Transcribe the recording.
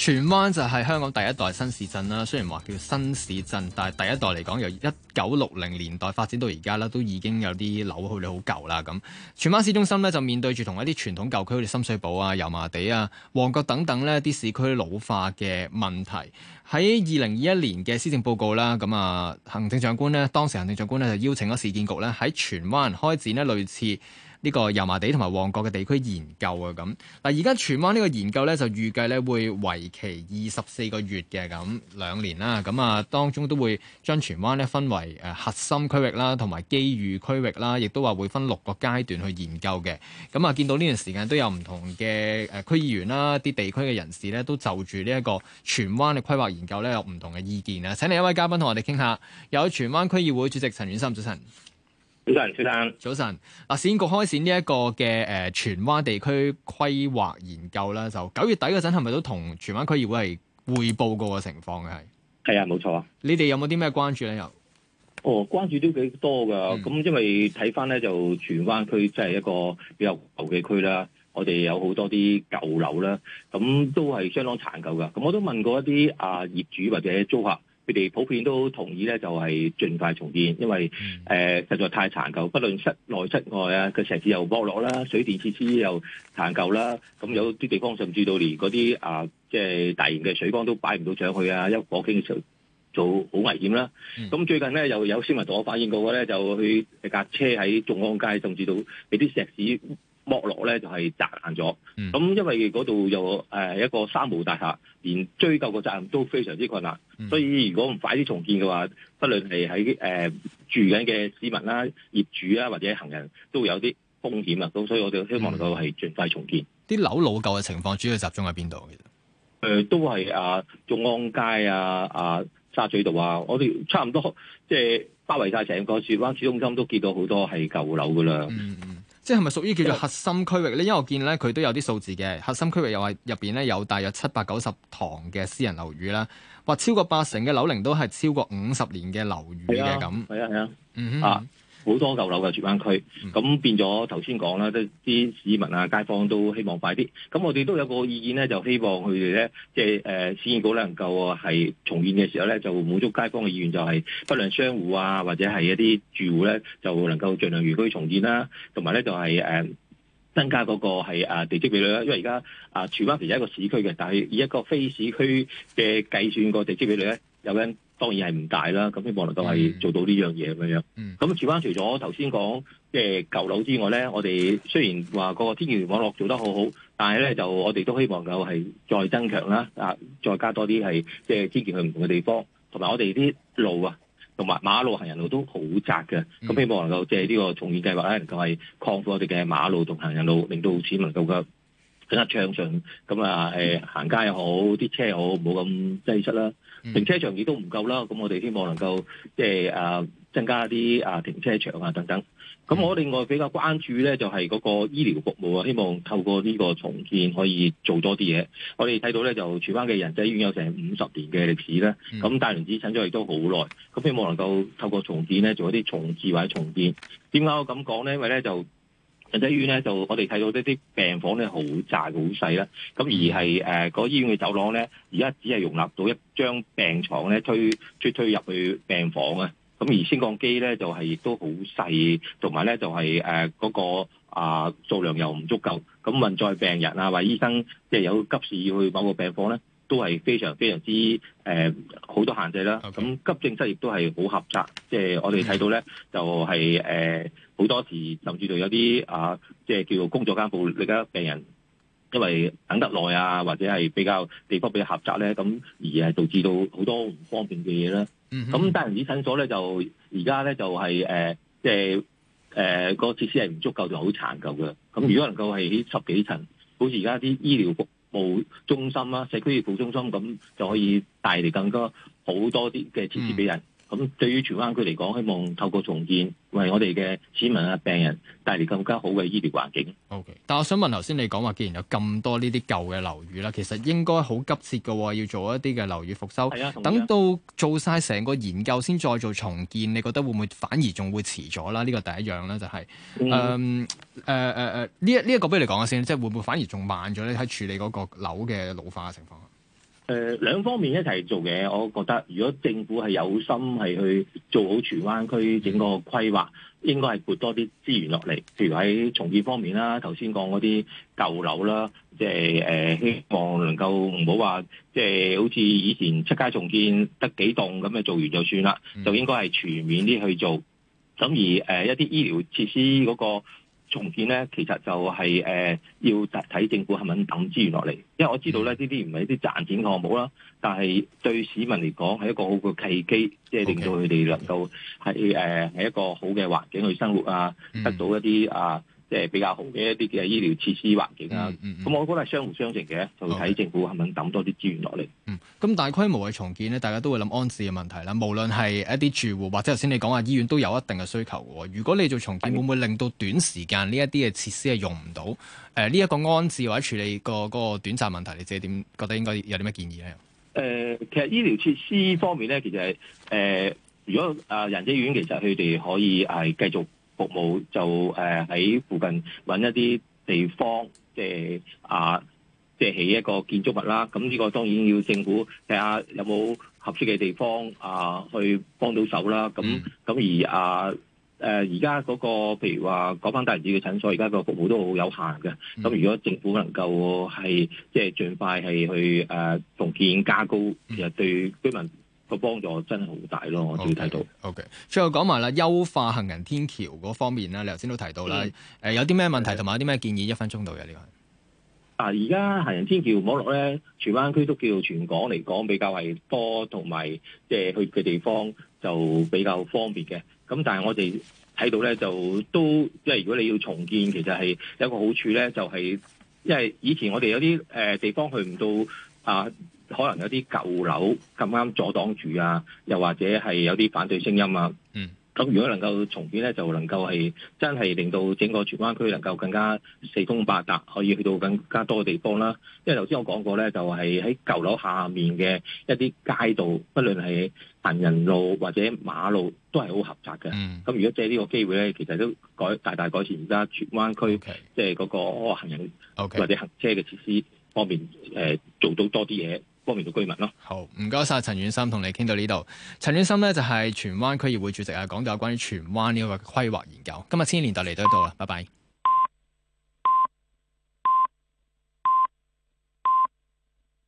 荃灣就係香港第一代新市鎮啦，雖然話叫新市鎮，但係第一代嚟講，由一九六零年代發展到而家呢，都已經有啲樓去到好舊啦咁。荃灣市中心呢，就面對住同一啲傳統舊區，好似深水埗啊、油麻地啊、旺角等等呢啲市區老化嘅問題。喺二零二一年嘅施政報告啦，咁啊行政長官呢，當時行政長官呢，就邀請咗市建局呢，喺荃灣開展呢類似，呢個油麻地同埋旺角嘅地區研究啊，咁嗱，而家荃灣呢個研究呢，就預計呢會為期二十四個月嘅，咁兩年啦，咁啊當中都會將荃灣呢分為誒核心區域啦，同埋機遇區域啦，亦都話會分六個階段去研究嘅。咁啊，見到呢段時間都有唔同嘅誒區議員啦，啲地區嘅人士呢，都就住呢一個荃灣嘅規劃研究呢，有唔同嘅意見啊。請另一位嘉賓同我哋傾下，有荃灣區議會主席陳琬琛，早晨。早晨，陳先生。早晨。嗱，市建局開始呢一個嘅誒、呃、荃灣地區規劃研究啦，就九月底嗰陣係咪都同荃灣區議會嚟匯報過個情況嘅？係係啊，冇錯啊。你哋有冇啲咩關注咧？又哦，關注都幾多噶。咁、嗯、因為睇返咧，就荃灣區即係一個比較舊嘅區啦，我哋有好多啲舊樓啦，咁都係相當殘舊噶。咁我都問過一啲啊業主或者租客。佢哋普遍都同意咧，就係盡快重建，因為誒、呃、實在太殘舊，不論室內室外啊，個石屎又剝落啦，水電設施又殘舊啦，咁有啲地方甚至到連嗰啲啊，即係大型嘅水缸都擺唔到上去啊，一火傾就做好危險啦。咁最近咧又有，有新聞同我反映嗰個咧，就佢架車喺眾安街，甚至到俾啲石屎，剝落咧就係砸爛咗，咁、嗯、因為嗰度有誒一個三無大廈，連追究個責任都非常之困難、嗯，所以如果唔快啲重建嘅話，不論係喺誒住緊嘅市民啦、業主啦或者行人都，都會有啲風險啊，咁所以我哋希望能夠係盡快重建。啲、嗯、樓老舊嘅情況主要集中喺邊度？其實誒都係啊，眾安街啊啊沙咀道啊，我哋差唔多即係包圍晒成個荃灣市中心都見到好多係舊樓噶啦。嗯嗯即係咪屬於叫做核心區域咧？因為我見咧佢都有啲數字嘅核心區域又，又話入邊咧有大約七百九十幢嘅私人樓宇啦，話超過八成嘅樓齡都係超過五十年嘅樓宇嘅咁。係啊係啊，嗯啊。好多舊樓嘅荃灣區，咁變咗頭先講啦，啲市民啊、街坊都希望快啲。咁我哋都有個意見咧，就希望佢哋咧，即係誒市建局能夠係重建嘅時候咧，就滿足街坊嘅意願，就係不良商戶啊，或者係一啲住戶咧，就能夠儘量原區重建啦、啊，同埋咧就係、是、誒、呃、增加嗰個係、呃、地積比率啦、啊。因為而家啊荃灣其實一個市區嘅，但係以一個非市區嘅計算個地積比率咧，有人？當然係唔大啦，咁希望能夠係做到呢樣嘢咁樣。咁、嗯嗯、除翻除咗頭先講即係舊樓之外咧，我哋雖然話個天橋網絡做得好好，但係咧就我哋都希望夠夠係再增強啦，啊再加多啲係即係天橋去唔同嘅地方，同埋我哋啲路啊同埋馬路行人路都好窄嘅，咁、嗯、希望能夠借係呢個重建計劃咧能夠係擴闊我哋嘅馬路同行人路，令到市民能夠。喺啊，暢順咁啊，行、呃、街又好，啲車又好，冇咁擠塞啦、嗯。停車場亦都唔夠啦，咁我哋希望能夠即、呃、增加啲啊停車場啊等等。咁我另外比較關注咧，就係、是、嗰個醫療服務啊，希望透過呢個重建可以做多啲嘢。我哋睇到咧，就荃灣嘅仁濟醫院有成五十年嘅歷史啦，咁大良子診咗亦都好耐，咁希望能夠透過重建咧做一啲重置或者重建。點解我咁講咧？因為咧就。仁濟醫院咧就我哋睇到呢啲病房咧好窄好細啦，咁而係誒、呃，那個醫院嘅走廊咧，而家只係容納到一張病床咧推，推推推入去病房啊，咁而升降機咧就係、是、亦都好細，同埋咧就係誒嗰個啊數量又唔足夠，咁運載病人啊或者醫生即係有急事要去某個病房咧，都係非常非常之誒好、呃、多限制啦。咁、okay. 急症室亦都係好狹窄，即、就、係、是、我哋睇到咧、mm -hmm. 就是呃啊，就係誒好多時甚至到有啲啊，即係叫做工作間暴力，而家病人因為等得耐啊，或者係比較地方比較狹窄咧，咁而係導致到好多唔方便嘅嘢啦。咁但係人哋診所咧，就而家咧就係誒即係誒個設施係唔足夠，就好殘舊嘅。咁如果能夠係十幾層，好似而家啲醫療局。服務中心啦，社區服務中心，咁就可以帶嚟更多好多啲嘅設施俾人。嗯咁對於荃灣區嚟講，希望透過重建，為我哋嘅市民啊、病人帶嚟更加好嘅醫療環境。Okay，但我想問頭先你講話，既然有咁多呢啲舊嘅樓宇啦，其實應該好急切嘅喎，要做一啲嘅樓宇復修。係啊，等到做晒成個研究先再做重建，你覺得會唔會反而仲會遲咗啦？呢個第一樣呢，就係嗯誒誒誒，呢一呢一個俾你講下先，即係會唔會反而仲慢咗咧？喺處理嗰個樓嘅老化嘅情況。誒、呃、兩方面一齊做嘅，我覺得如果政府係有心係去做好荃灣區整個規劃，應該係撥多啲資源落嚟，譬如喺重建方面啦，頭先講嗰啲舊樓啦，即係、呃、希望能夠唔好話，即係好似以前出街重建得幾棟咁，咪做完就算啦，就應該係全面啲去做。咁而、呃、一啲醫療設施嗰個。重建咧，其實就係、是、誒、呃、要睇政府係咪肯抌資源落嚟，因為我知道咧，呢啲唔係一啲賺錢項目啦，但係對市民嚟講係一個好嘅契機，即係令到佢哋能夠喺誒喺一個好嘅環境去生活啊，得到一啲啊。呃即、就、係、是、比較好嘅一啲嘅醫療設施環境啦。咁、嗯嗯嗯、我覺得係相輔相成嘅，就睇政府肯唔肯抌多啲資源落嚟。咁、嗯、大規模嘅重建呢，大家都會諗安置嘅問題啦。無論係一啲住戶或者頭先你講話醫院都有一定嘅需求嘅。如果你做重建，會唔會令到短時間呢一啲嘅設施係用唔到？誒、呃、呢、這、一個安置或者處理個、那個短暫問題，你自己點覺得應該有啲咩建議咧？誒、呃，其實醫療設施方面咧，其實係誒、呃，如果啊仁濟醫院，其實佢哋可以係繼續。服務就誒喺、呃、附近揾一啲地方，即係啊，即係起一個建築物啦。咁呢個當然要政府睇下有冇合適嘅地方啊，去幫到手啦。咁咁、mm. 而啊誒，而家嗰個譬如話嗰間大兒子嘅診所，而家個服務都好有限嘅。咁如果政府能夠係即係盡快係去誒重、啊、建加高，其實對居民個幫助真係好大咯！我都要睇到。OK，okay, okay. 最後講埋啦，優化行人天橋嗰方面咧，你頭先都提到啦、嗯呃，有啲咩問題同埋有啲咩建議、這個、一分鐘度嘅呢個。啊，而家行人天橋網絡咧，荃灣區都叫全港嚟講比較係多，同埋即係去嘅地方就比較方便嘅。咁但係我哋睇到咧，就都即係如果你要重建，其實係有一個好處咧，就係、是、因為以前我哋有啲、呃、地方去唔到啊。可能有啲舊樓咁啱阻擋住啊，又或者係有啲反對聲音啊。嗯。咁如果能夠重建咧，就能夠係真係令到整個荃灣區能夠更加四通八達，可以去到更加多嘅地方啦。因為頭先我講過咧，就係、是、喺舊樓下面嘅一啲街道，不論係行人路或者馬路，都係好狹窄嘅。嗯。咁如果借呢個機會咧，其實都改大大改善而家荃灣區即係嗰個行人或者行車嘅設施方面，嗯呃、做到多啲嘢。方面嘅居民咯、啊，好唔該晒，陳琬琛，同你傾到呢度。陳琬琛咧就係、是、荃灣區議會主席啊，講到有關於荃灣呢個規劃研究。今日千年代嚟到呢度啦，拜拜。